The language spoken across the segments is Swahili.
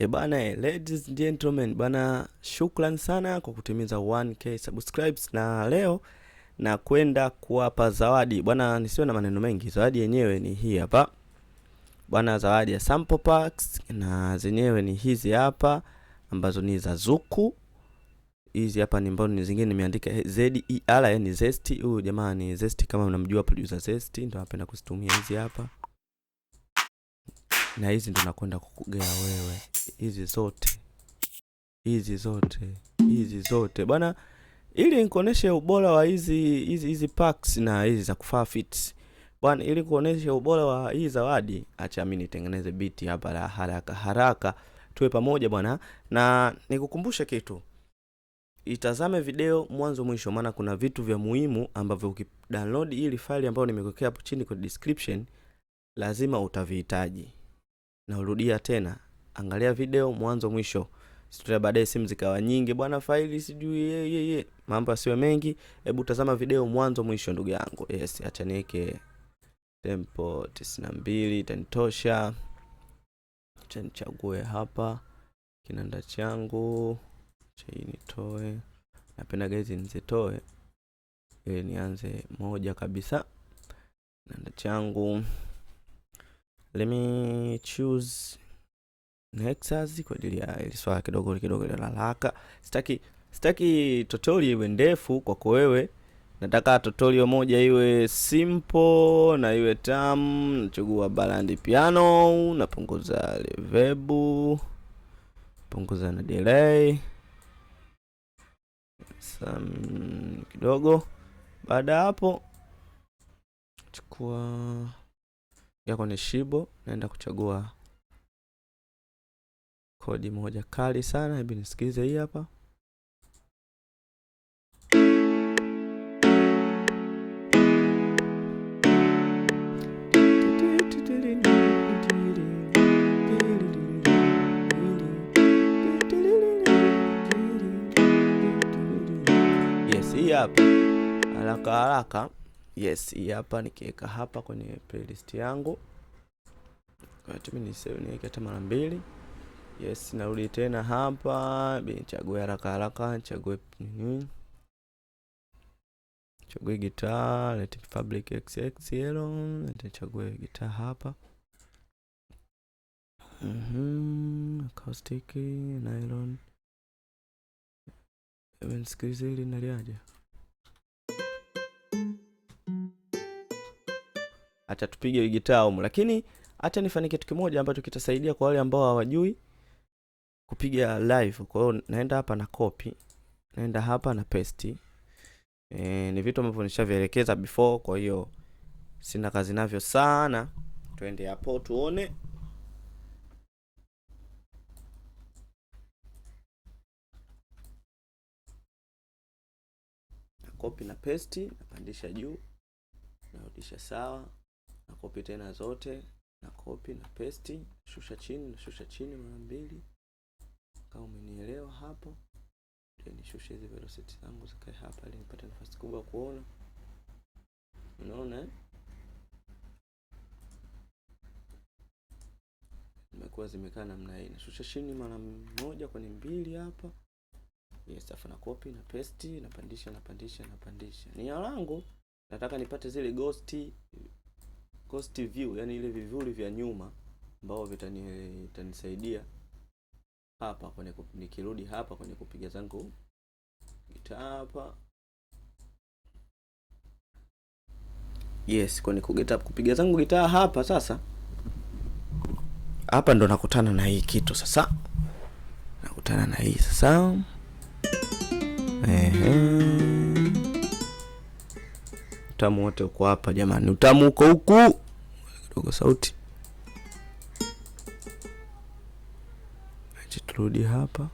E bana, ladies and gentlemen, bana, shukran sana kwa kutimiza 1k subscribes, na leo na kwenda kuwapa zawadi bwana, nisiwe na maneno mengi. Zawadi yenyewe ni hii hapa bwana, zawadi ya sample packs, na zenyewe ni hizi hapa ambazo ni za Zuku. Hizi hapa ni mbao zingine nimeandika ZER, ni zesti. Huyu jamaa ni zesti, kama mnamjua producer zesti, ndio anapenda kuzitumia hizi hapa na hizi ndo nakwenda kukugea wewe, hizi zote hizi zote hizi zote bana, ili nikuoneshe ubora wa hizi hizi hizi packs na hizi za kufaa fit bwana, ili kuonesha ubora wa hii zawadi, acha mimi nitengeneze biti hapa la haraka haraka, tuwe pamoja bwana, na nikukumbushe kitu Itazame video mwanzo mwisho, maana kuna vitu vya muhimu ambavyo ukidownload hili faili ambayo nimekuwekea hapo chini kwenye description lazima utavihitaji naurudia tena, angalia video mwanzo mwisho. Sitoa baadaye simu zikawa nyingi, bwana faili sijui ye ye ye, mambo asiwe mengi. Hebu tazama video mwanzo mwisho, ndugu yangu. Yes, acha niweke tempo 92 itanitosha. Acha nichague hapa kinanda changu chai, nitoe. Napenda gezi nizitoe ili nianze moja kabisa kinanda changu let me choose Nexus kwa ajili ya ili swala kidogo kidogo la haraka. Sitaki sitaki tutorial iwe ndefu kwako wewe, nataka tutorial moja iwe simple na iwe tam Nachagua balandi piano, napunguza reverb, punguza na delay Sam kidogo. Baada hapo chukua yako ni shibo naenda kuchagua kodi moja kali sana hebu nisikize hii hapa yes hii hapa haraka haraka yes hii hapa nikiweka hapa kwenye playlist yangu niweke hata mara mbili. Yes, narudi tena hapa, nichague haraka haraka, nichague nini, chague gitaa, lete Fabric XXL, nitachague gitaa hapa. Mhm, acoustic, nylon. Even siku hizi linaliaje? Acha tupige gitaa humu lakini hata nifanye kitu kimoja ambacho kitasaidia kwa wale ambao hawajui kupiga live. Kwa hiyo naenda hapa na copy, naenda hapa na paste. E, ni vitu ambavyo nishavielekeza before, kwa hiyo sina kazi navyo sana. Twende hapo tuone. Na copy na paste, napandisha juu, narudisha sawa, na copy tena zote na copy na paste, shusha chini na shusha chini mara mbili, kama umenielewa hapo. Ndio nishushe hizi velocity zangu zikae hapa, ili nipate nafasi kubwa kuona. Unaona eh? Zimekuwa zimekaa namna hii. Nashusha chini mara moja kwenye mbili hapa. Yes, afu na copy na paste, napandisha napandisha napandisha. ya langu nataka nipate zile ghosti cost view, yani ile vivuli vya nyuma ambao vitanisaidia hapa kwenye nikirudi hapa kwenye kupiga zangu gitaa hapa yes, kwenye kugeta kupiga zangu gitaa hapa. Sasa hapa ndo nakutana na hii kitu sasa, nakutana na hii sasa. Ehe, utamu wote uko hapa jamani, utamu uko huku kidogo sauti. Acha turudi hapa,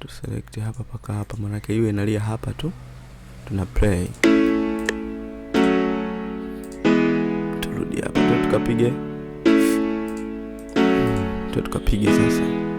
tuselekti hapa paka hapa, manake iwe inalia hapa tu, tuna play. Turudi hapa tu tukapige tu tukapige sasa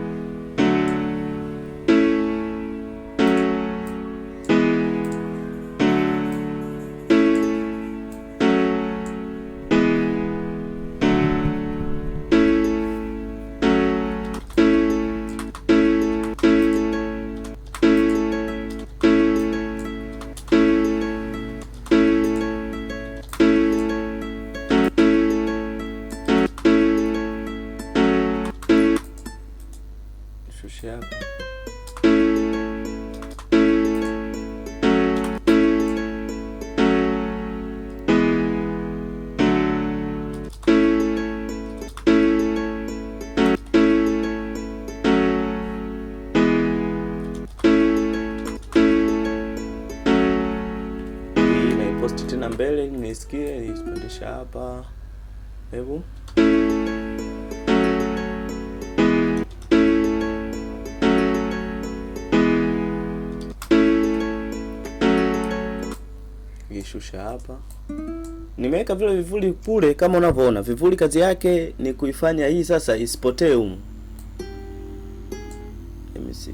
şey yap. Posti tena mbele nisikie, nipandisha hapa. Hebu kuishusha hapa. Nimeweka vile vivuli kule kama unavyoona. Vivuli kazi yake ni kuifanya hii sasa isipotee humu. Let me see.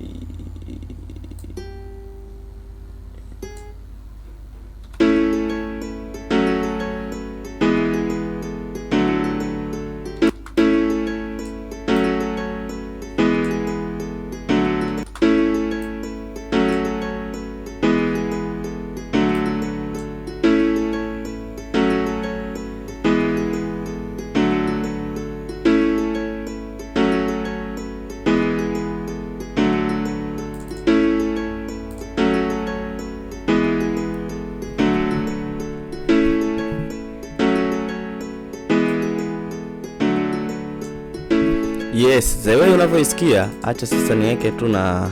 Yes, the way unavyoisikia, acha sasa niweke tu na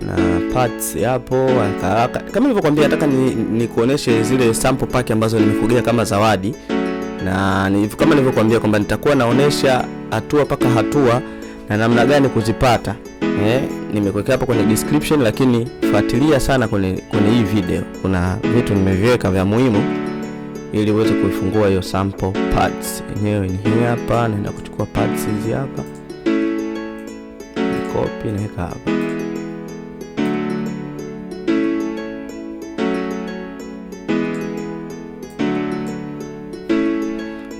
na parts hapo haraka. Kama nilivyokuambia, nataka nikuoneshe ni zile sample pack ambazo nimekugea kama zawadi, na kama nilivyokuambia kwamba nitakuwa naonesha hatua mpaka hatua na namna gani kuzipata eh, nimekuwekea hapo kwenye description, lakini fuatilia sana kwenye kwenye hii video, kuna vitu nimeviweka vya muhimu ili uweze kuifungua hiyo sample parts yenyewe. Ni hii hapa, naenda kuchukua parts hizi hapa, copy naweka hapa.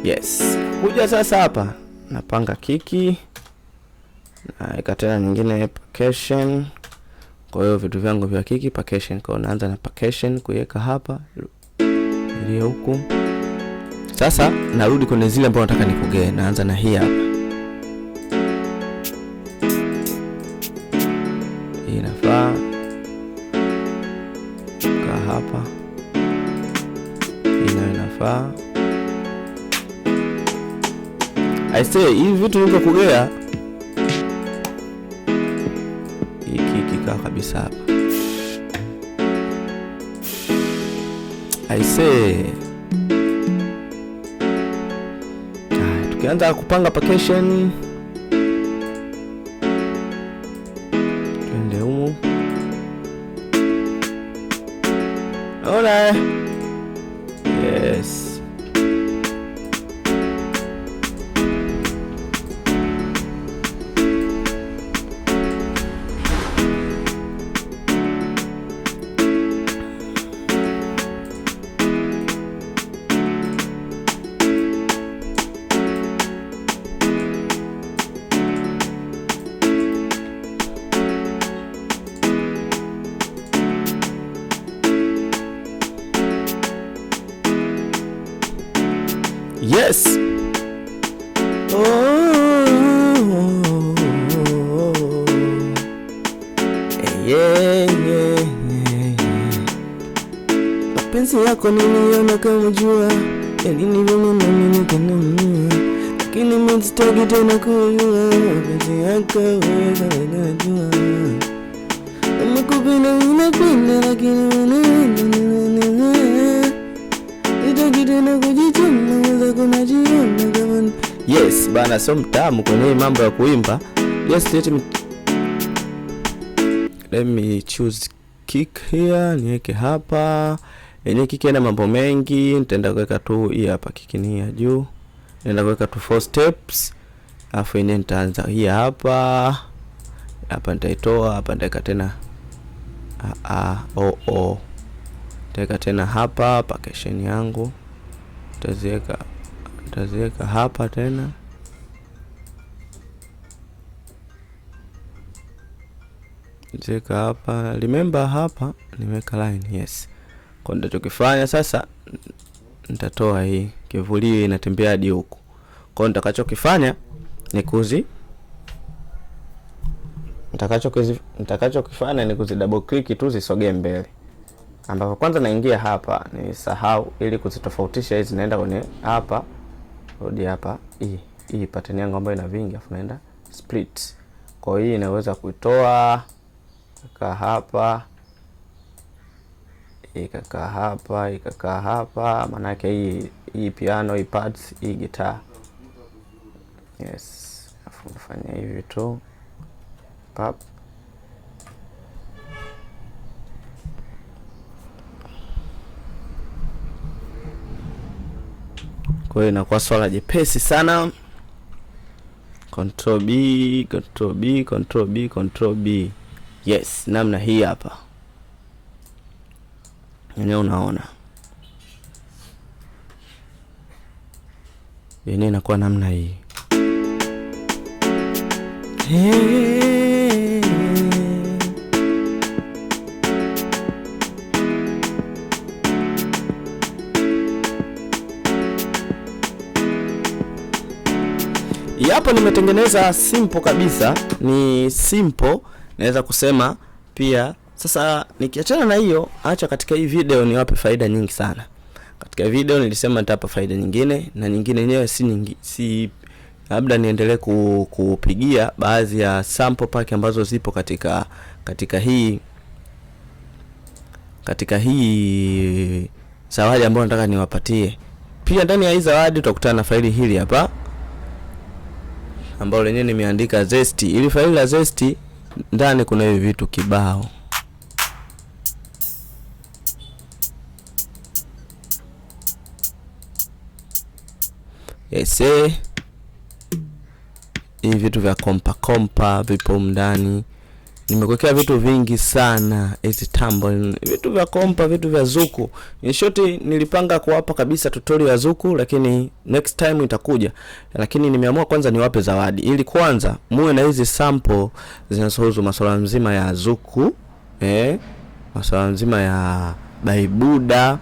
Yes, kuja sasa hapa napanga kiki, naweka tena nyingine percussion. Kwa hiyo vitu vyangu vya kiki percussion, kwa naanza na percussion kuiweka hapa naingilia huku. Sasa narudi kwenye zile ambazo nataka nikugee. naanza na hii hapa. Hii nafaa kaa hapa, hii nayo nafaa. Aisee, hivi vitu nilivyokugea, hiki kikaa kabisa hapa Aisee, tukianza kupanga vacation twende humu. Naona eh. yako niliona kama jua yalinivuma mimi nikanunua, lakini mimi sitaki tena kujua mapenzi yako wewe unajua. Nimekupenda nimependa, lakini sitaki tena kujichuma weza kunajiona kama yes bana, so mtamu kwenye hii mambo ya kuimba. Yes, let me let me choose kick here, niweke hapa Yenyewe kiki na mambo mengi, nitaenda kuweka tu hii hapa kiki ni ya juu. Nitaenda kuweka tu four steps. Alafu yenyewe nitaanza hii hapa. Hapa nitaitoa, hapa nitaweka tena a a o o. Nitaweka tena hapa pakesheni yangu. Nitaziweka nitaziweka hapa tena. Nitaweka hapa. Remember hapa nimeweka line, yes. Kwa nitachokifanya sasa, nitatoa hii kivuli, hii inatembea hadi huku. Kwa nitakachokifanya ni kuzi nitakachokifanya ni kuzi double click tu zisogee mbele, ambapo kwanza naingia hapa ni sahau, ili kuzitofautisha hizi, naenda kwenye hapa, rudi hapa, hii hii pattern yangu ambayo ina vingi, afu naenda split. Kwa hii inaweza kuitoa kaa hapa ikakaa hapa ikakaa hapa, maanake hii hii piano hii pads hii gitaa yes. Afu nafanya hivi tu pap kwa hiyo inakuwa swala jepesi sana. Control B, Control B, Control B, Control B. Yes, namna hii hapa yenyewe unaona yenyewe inakuwa namna hii hey. Yapo, nimetengeneza simple kabisa, ni simple, naweza kusema pia sasa nikiachana na hiyo, acha katika hii video niwape faida nyingi sana. Katika video nilisema nitapa faida nyingine na nyingine yenyewe si nyingi, si labda niendelee ku, kupigia baadhi ya sample pack ambazo zipo katika katika hii katika hii zawadi ambayo nataka niwapatie. Pia ndani ya hii zawadi utakutana na faili hili hapa ambalo lenyewe nimeandika Zesty. Ili faili la Zesty ndani kuna hivi vitu kibao. ese hivi vitu vya kompa kompa vipo ndani. Nimekuwekea vitu vingi sana hizi tambo, vitu vya kompa, vitu vya zuku. nishoti nilipanga kuwapa kabisa tutorial ya zuku, lakini next time itakuja, lakini nimeamua kwanza niwape zawadi ili kwanza muwe na hizi sample zinazohusu masuala mzima ya zuku eh, masuala mzima ya baibuda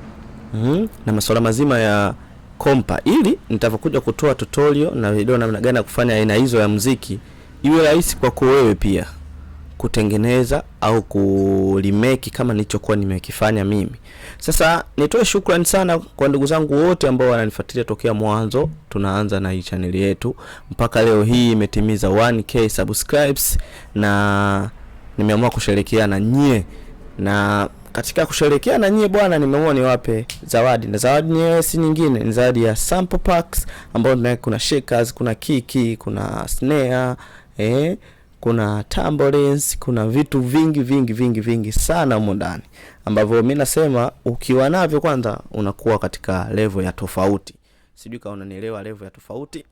mm, hmm na masuala mazima ya kompa, ili nitavyokuja kutoa tutorial na video namna gani ya kufanya aina hizo ya muziki iwe rahisi kwako wewe pia kutengeneza au kulimeki kama nilichokuwa nimekifanya mimi. Sasa nitoe shukrani sana kwa ndugu zangu wote ambao wananifuatilia tokea mwanzo tunaanza na hii chaneli yetu mpaka leo hii imetimiza 1k subscribes, na nimeamua kushirikiana nyie na katika kusherekea na nyie bwana, nimeamua niwape zawadi, na zawadi nyewe si nyingine, ni zawadi ya sample packs ambayo ndani kuna shakers, kuna kiki, kuna snare eh, kuna tambourines, kuna vitu vingi vingi vingi vingi sana humo ndani ambavyo mimi nasema ukiwa navyo kwanza unakuwa katika level ya tofauti. Sijui kama unanielewa, level ya tofauti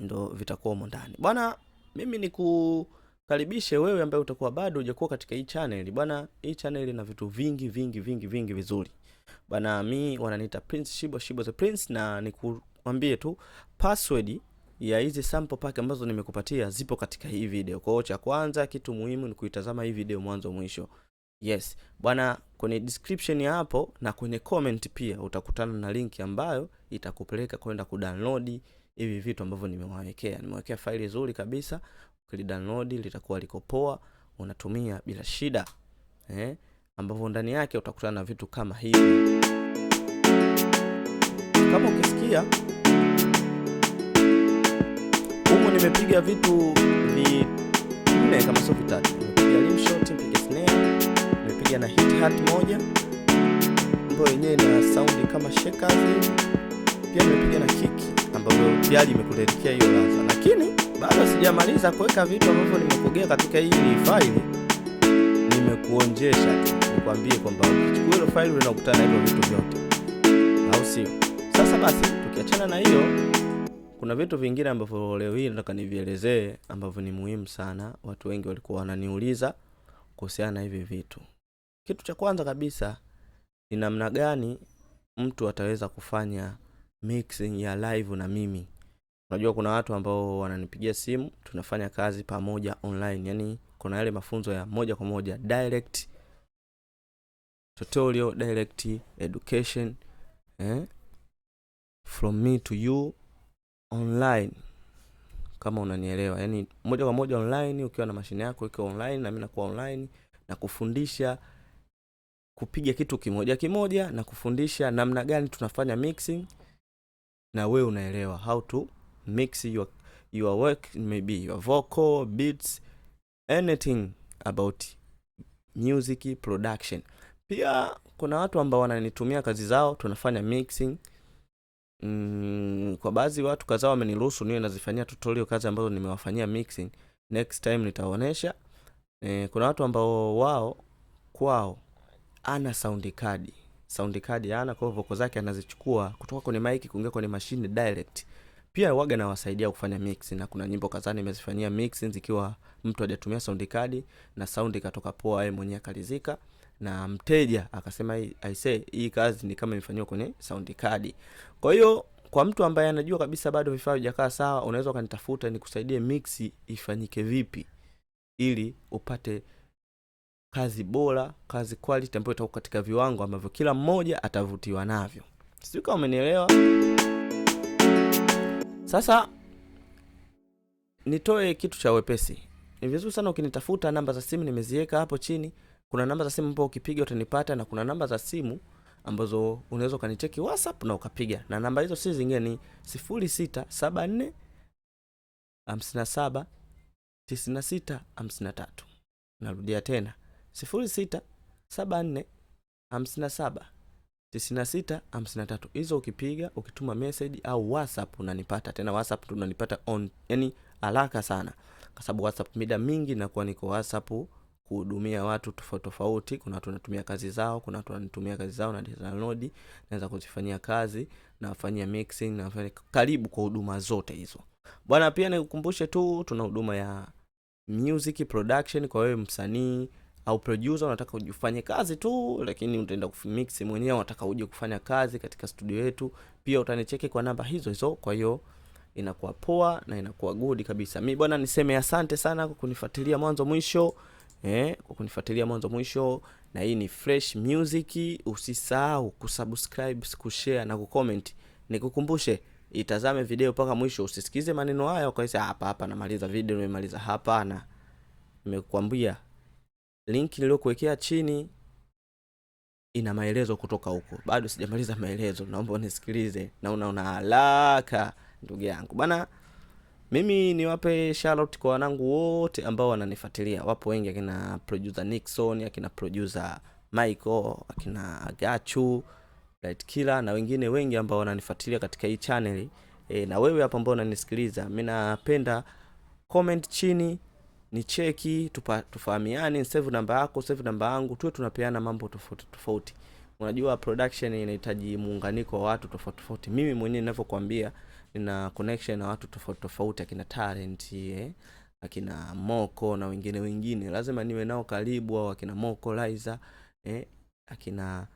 ndo vitakuwa humo ndani bwana. Mimi ni ku... Karibishe wewe ambaye utakuwa bado hujakuwa katika hii channel bwana. Hii channel ina vitu vingi vingi vingi vingi vizuri bwana. Mi wananiita Prince Shibo, Shibo the Prince, na nikuambie tu password ya hizi sample pack ambazo nimekupatia zipo katika hii video. Kwa hiyo cha kwanza kitu muhimu ni kuitazama hii video mwanzo mwisho. Yes bwana, kwenye description ya hapo na kwenye comment pia utakutana na link ambayo itakupeleka kwenda kudownload hivi vitu ambavyo nimewawekea. Nimewekea faili nzuri kabisa, ukilidownload litakuwa liko poa, unatumia bila shida eh, ambapo ndani yake utakutana na vitu kama hivi. Kama ukisikia huko, nimepiga vitu vinne kama sio vitatu, nimepiga shot, nimepiga snare, nimepiga na hit hat moja ambayo yenyewe ina sound kama shakers, pia nimepiga na kick ambayo tayari imekuletea hiyo raha lakini bado sijamaliza kuweka vitu ambavyo nimekogea katika hii faili. Nimekuonjesha nikwambie kwamba ukichukua hilo faili unakutana hivyo vitu vyote, au sio? Sasa basi, tukiachana na hiyo, kuna vitu vingine ambavyo leo hii nataka nivielezee ambavyo ni muhimu sana. Watu wengi walikuwa wananiuliza kuhusiana na hivi vitu. Kitu cha kwanza kabisa ni namna gani mtu ataweza kufanya mixing ya live na mimi Unajua kuna watu ambao wananipigia simu, tunafanya kazi pamoja online, yani kuna yale mafunzo ya moja kwa moja direct tutorial, direct education eh? from me to you online, kama unanielewa, yani moja kwa moja online, ukiwa na mashine yako ukiwa online na mimi nakuwa online na kufundisha kupiga kitu kimoja kimoja na kufundisha namna gani tunafanya mixing na wewe unaelewa how to mix your your work maybe your vocal beats anything about music production pia kuna watu ambao wananitumia kazi zao tunafanya mixing mm, kwa baadhi watu kadhaa wameniruhusu niwe nazifanyia tutorial kazi ambazo nimewafanyia mixing next time nitaonesha eh, kuna watu ambao wao kwao ana sound card sound card ana kwa vocal zake anazichukua kutoka kwenye mic kuingia kwenye mashine direct pia waga nawasaidia kufanya mix, na kuna nyimbo kadhaa nimezifanyia mix zikiwa mtu hajatumia sound card na sound ikatoka poa, yeye mwenyewe akalizika na mteja akasema aisee, hii kazi ni kama imefanywa kwenye sound card. Kwa hiyo kwa mtu ambaye anajua kabisa bado vifaa vijakaa sawa, unaweza ukanitafuta nikusaidie mix ifanyike vipi, ili upate kazi bora, kazi quality ambayo itakuwa katika viwango ambavyo kila mmoja atavutiwa navyo. Sijui kama umenielewa. Sasa nitoe kitu cha wepesi. Ni vizuri sana ukinitafuta, namba za simu nimeziweka hapo chini. Kuna namba za simu ambao ukipiga utanipata, na kuna namba za simu ambazo unaweza ukanicheki WhatsApp na ukapiga, na namba hizo si zingine, ni 0674 57 96 53. Narudia tena 0674 57 9653 hizo ukipiga ukituma message au WhatsApp unanipata. Tena WhatsApp tunanipata on, yani haraka sana, kwa sababu WhatsApp mida mingi nakuwa niko WhatsApp kuhudumia watu tofauti tofauti. Kuna watu wanatumia kazi zao, kuna watu wanatumia kazi zao na download naweza kuzifanyia kazi na wafanyia mixing na wafanyia karibu kwa huduma zote hizo bwana. Pia nikukumbushe tu tuna huduma ya music production kwa wewe msanii au producer unataka ujifanye kazi tu, lakini utaenda kumix mwenyewe, unataka uje kufanya kazi katika studio yetu, pia utanicheke kwa namba hizo hizo. Kwa hiyo inakuwa poa na inakuwa good kabisa. Mi bwana, niseme asante sana kwa kunifuatilia mwanzo mwisho eh, kwa kunifuatilia mwanzo mwisho, na hii ni Fresh Music. Usisahau kusubscribe, kushare na kucomment. Nikukumbushe, itazame video mpaka mwisho, usisikize maneno haya ukaisa hapa hapa namaliza video, nimemaliza. Hapana, nimekuambia linki niliyokuwekea chini ina maelezo kutoka huko. Bado sijamaliza maelezo, naomba unisikilize na unaona haraka, ndugu yangu bana. Mimi niwape shoutout kwa wanangu wote ambao wananifuatilia, wapo wengi, akina producer Nixon, akina producer Michael, akina Gachu, Bright Killer na wengine wengi ambao wananifuatilia katika hii channel. E, na wewe hapa ambao unanisikiliza, mimi napenda comment chini ni cheki tupa, tufahamiane, save namba yako, save namba yangu, tuwe tunapeana mambo tofauti tofauti. Unajua production inahitaji muunganiko wa watu tofauti tofauti. Mimi mwenyewe ninavyokuambia nina connection na watu tofauti tofauti, akina talent eh, akina Moko na wengine wengine, lazima niwe nao karibu, au akina Moko Liza eh, akina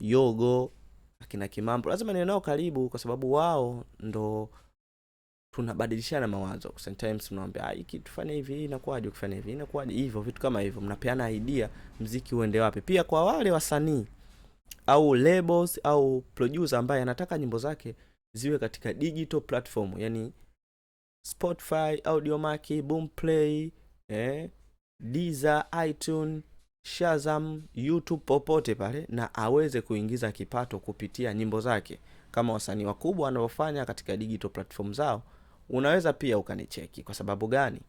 Yogo, akina Kimambo, lazima niwe nao karibu kwa sababu wao ndo tunabadilishana mawazo. Sometimes mnaambia ah, hiki tufanye hivi, inakuwaje ukifanya hivi, inakuwaje hivyo, vitu kama hivyo, mnapeana idea mziki uende wapi. Pia kwa wale wasanii au labels au producer ambaye anataka nyimbo zake ziwe katika digital platform, yani Spotify, Audiomack, Boomplay, eh, Deezer, iTunes, Shazam, YouTube, popote pale, na aweze kuingiza kipato kupitia nyimbo zake kama wasanii wakubwa wanaofanya katika digital platform zao unaweza pia ukanicheki kwa sababu gani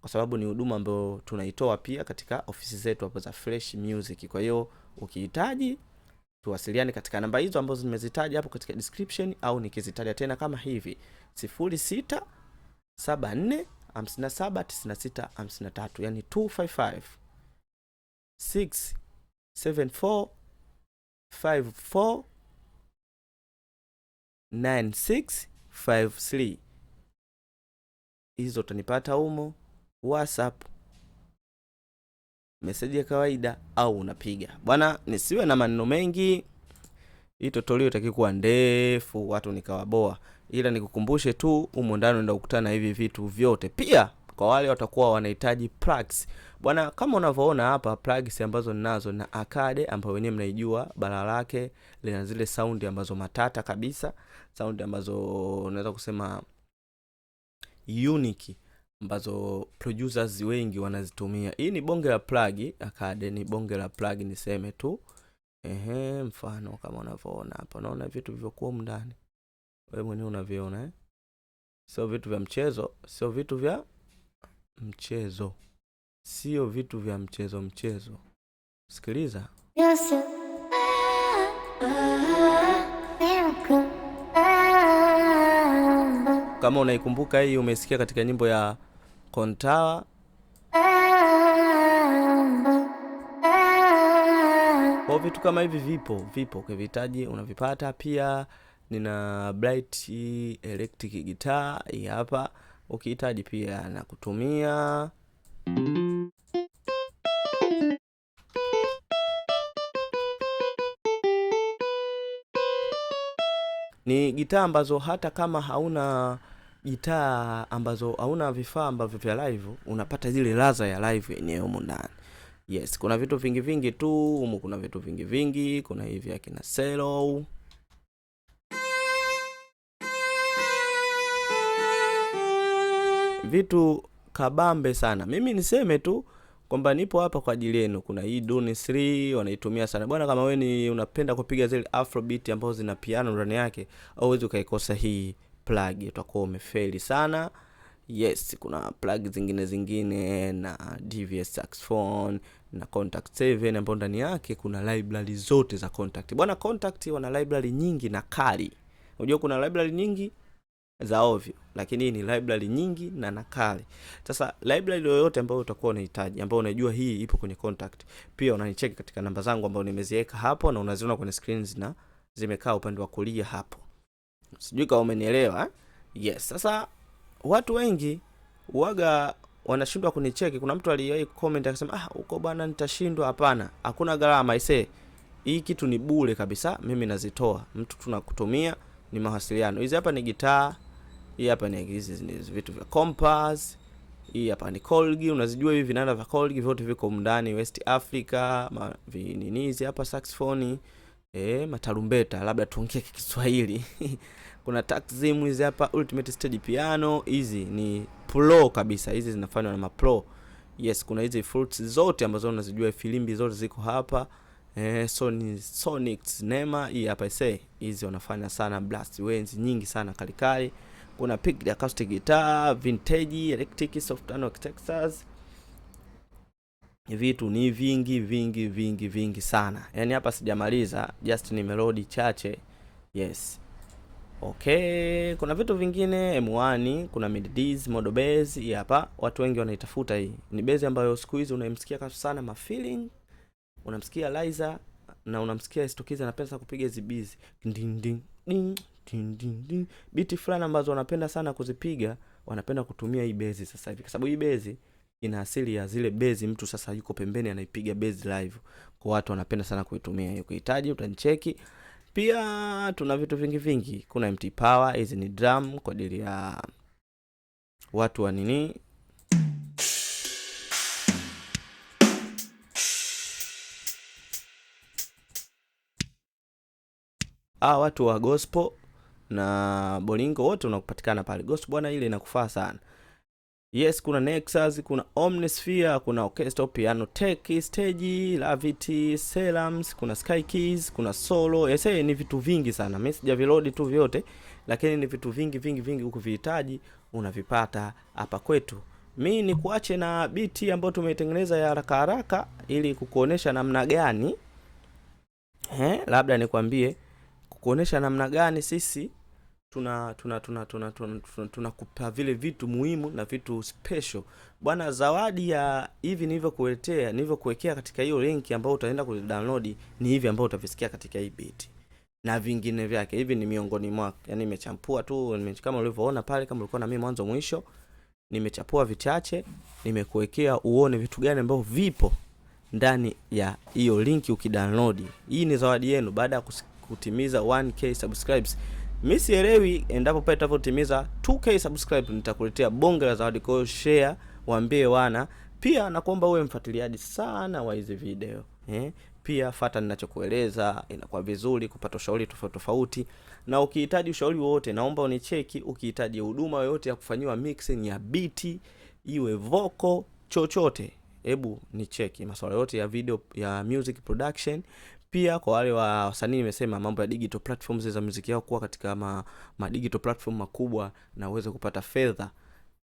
kwa sababu ni huduma ambayo tunaitoa pia katika ofisi zetu hapo za fresh music kwa hiyo ukihitaji tuwasiliane katika namba hizo ambazo nimezitaja hapo katika description au nikizitaja tena kama hivi 06 yani 255 6 9653 hizo utanipata humo WhatsApp meseji ya kawaida au unapiga bwana. Nisiwe na maneno mengi, hii totolio itakikuwa ndefu watu nikawaboa, ila nikukumbushe tu humo ndani ndio ukutana hivi vitu vyote. Pia kwa wale watakuwa wanahitaji plugs bwana, kama unavyoona hapa plugs ambazo ninazo na akade ambayo wenyewe mnaijua, bara lake lina zile saundi ambazo matata kabisa, saundi ambazo unaweza kusema unique ambazo producers wengi wanazitumia. Hii ni bonge la plug akade ni bonge la plug niseme tu. Ehe, mfano kama unavyoona hapa, unaona vitu vilivyokuwa ndani, wewe mwenyewe unaviona eh? Sio vitu vya mchezo, sio vitu vya mchezo, sio vitu vya mchezo mchezo. Sikiliza yes, ah, ah, ah. Kama unaikumbuka hii, umesikia katika nyimbo ya Kontawa. Kwa vitu kama hivi vipo vipo, ukivihitaji unavipata. Pia nina Bright electric guitar hii hapa, ukihitaji pia na kutumia Ni gitaa ambazo hata kama hauna gitaa ambazo hauna vifaa ambavyo vya live, unapata zile ladha ya live yenyewe humu ndani. Yes, kuna vitu vingi vingi tu humu, kuna vitu vingi vingi, kuna hivi akina selo vitu kabambe sana. Mimi niseme tu kwamba nipo hapa kwa ajili yenu. Kuna hii Duni 3 wanaitumia sana bwana. Kama wewe ni unapenda kupiga zile afrobeat ambazo zina piano ndani yake, hauwezi ukaikosa hii plug, utakuwa umefeli sana. Yes, kuna plug zingine zingine na DVS saxophone na Contact 7 ambayo ndani yake kuna library zote za Contact. Bwana Contact wana library nyingi na kali. Unajua kuna library nyingi za ovyo, lakini hii ni library nyingi na nakali. Sasa library yoyote ambayo utakuwa unahitaji, ambayo unajua hii ipo kwenye contact, pia unanicheki katika namba zangu ambazo nimeziweka hapo na unaziona kwenye screen zina zimekaa upande wa kulia hapo, sijui kama umenielewa eh? Yes. Sasa watu wengi waga wanashindwa kunicheki. Kuna mtu aliyewahi comment akasema, ah, uko bwana, nitashindwa. Hapana, hakuna gharama ise, hii kitu ni bure kabisa, mimi nazitoa, mtu tunakutumia, ni mawasiliano. Hizi hapa ni gitaa hii hapa ni hizi ni vitu vya compass. Hii hapa ni Colgi, unazijua hivi vinanda vya Colgi vyote viko ndani West Africa, ma vininizi hapa saxophone, eh, matarumbeta, labda tuongee kwa Kiswahili. Kuna taximu hizi hapa Ultimate Stage Piano, hizi ni pro kabisa. Hizi zinafanywa na mapro. Yes, kuna hizi fruits zote ambazo unazijua, filimbi zote ziko hapa. Eh, Sony Sonics Nema, hii hapa ise, Hizi wanafanya sana blast wenzi nyingi sana kalikali. kali kuna pick acoustic guitar, vintage, electric, soft Texas. Vitu ni vingi vingi vingi vingi sana, yaani hapa sijamaliza, just ni melodi chache. Yes, okay. Kuna vitu vingine M1, kuna midis, modo bass. Hii hapa watu wengi wanaitafuta. Hii ni bass ambayo siku hizi unaimsikia sana feeling unamsikia Liza na unamsikia Estokiza anapenda sana kupiga hizi beats ding ding ding ding ding ding, biti fulani ambazo wanapenda sana kuzipiga, wanapenda kutumia hii bezi sasa hivi, kwa sababu hii bezi ina asili ya zile bezi, mtu sasa yuko pembeni anaipiga bezi live, kwa watu wanapenda sana kuitumia hiyo. Kuhitaji utanicheki. Pia tuna vitu vingi vingi, kuna MT Power, hizi ni drum kwa ajili ya watu wa nini hawa watu wa gospel na Bolingo wote unakupatikana pale. Gospel bwana, ile inakufaa sana. Yes, kuna Nexus, kuna Omnisphere, kuna Orchestra Piano Tech, Stage, Lavity, Selams, kuna Sky Keys, kuna Solo. ese eh, ni vitu vingi sana. Mimi sijavilodi tu vyote, lakini ni vitu vingi vingi vingi ukuvihitaji unavipata hapa kwetu. Mi ni kuache na biti ambayo tumeitengeneza ya haraka haraka ili kukuonesha namna gani. Eh, labda nikwambie kuonesha namna gani sisi tuna tuna tuna tuna tunakupa tuna, tuna vile vitu muhimu na vitu special bwana. Zawadi ya hivi nilivyokuletea nilivyokuwekea katika hiyo linki ambayo utaenda kudownload ni hivi ambayo utavisikia katika hii beat na vingine vyake. Hivi ni miongoni mwako, yani nimechampua tu nime, kama ulivyoona pale, kama ulikuwa na mimi mwanzo mwisho, nimechapua vichache, nimekuwekea uone vitu gani ambavyo vipo ndani ya hiyo linki ukidownload. Hii ni zawadi yenu baada ya kusikia kutimiza 1k subscribes. Mimi sielewi, endapo pale tutapotimiza 2k subscribe nitakuletea bonge la zawadi. Kwa share, waambie wana pia, nakuomba uwe mfuatiliaji sana wa hizi video eh? Pia fata ninachokueleza, inakuwa vizuri kupata ushauri tofauti tofauti, na ukihitaji ushauri wowote, naomba unicheki. Ukihitaji huduma yoyote ya kufanyiwa mixing ya biti, iwe vocal, chochote, hebu nicheki. Masuala yote ya video ya music production, pia kwa wale wa wasanii nimesema mambo ya digital platforms za muziki yao kuwa katika ma, ma digital platform makubwa na uweze kupata fedha.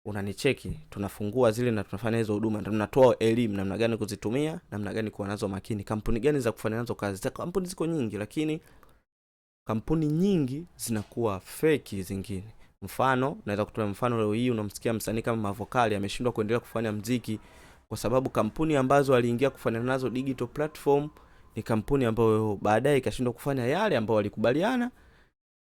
Unanicheki, tunafungua zile na tunafanya hizo huduma, tunatoa elimu namna gani kuzitumia, namna gani kuwa nazo makini, kampuni gani za kufanya nazo kazi. za Kampuni ziko nyingi, lakini kampuni nyingi zinakuwa feki zingine. Mfano, naweza kutoa mfano leo hii unamsikia msanii kama Mavokali ameshindwa kuendelea kufanya mziki kwa sababu kampuni ambazo aliingia kufanya nazo digital platform ni kampuni ambayo baadaye ikashindwa kufanya yale ambayo walikubaliana,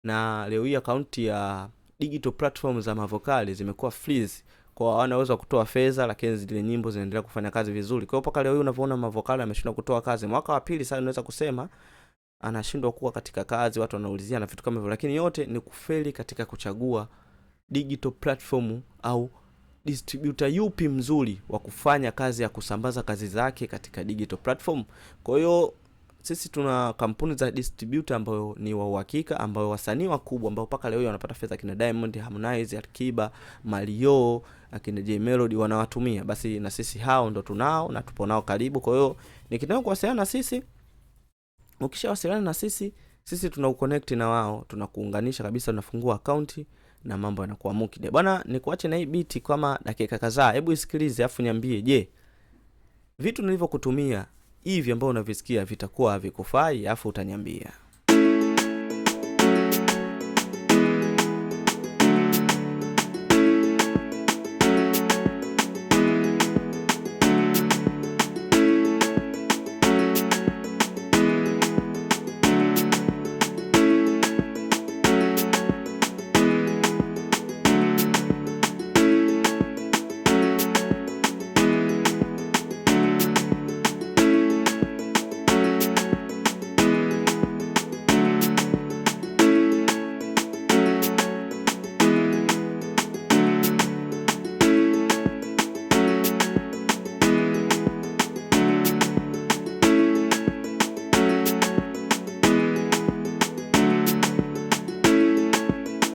na leo hii akaunti ya digital platform za Mavokali zimekuwa freeze kwa uwezo kutoa fedha, lakini zile nyimbo zinaendelea kufanya kazi vizuri. Kwa hiyo paka leo hii unavyoona Mavokali ameshindwa kutoa kazi, mwaka wa pili sasa unaweza kusema anashindwa kuwa katika kazi, watu wanaulizia na vitu kama hivyo, lakini yote ni kufeli katika kuchagua digital platform au distributa yupi mzuri wa kufanya kazi ya kusambaza kazi zake katika digital platform. Kwa hiyo sisi tuna kampuni za distributa ambayo ni wa uhakika, ambayo wasanii wakubwa ambao mpaka leo wanapata fedha, akina Diamond, Harmonize, akiba Mario, akina J Melody wanawatumia, basi na sisi hao ndo tunao na tupo nao karibu. Kwa hiyo nikitaka kuwasiliana na sisi, ukishawasiliana na sisi, sisi tuna uconnect na wao, tunakuunganisha kabisa, tunafungua akaunti na mambo yanakuwa mukide bwana. Nikuache na hii biti kama dakika kadhaa, hebu isikilize afu niambie, je, vitu nilivyokutumia hivi ambayo unavisikia vitakuwa havikufai? Afu utaniambia.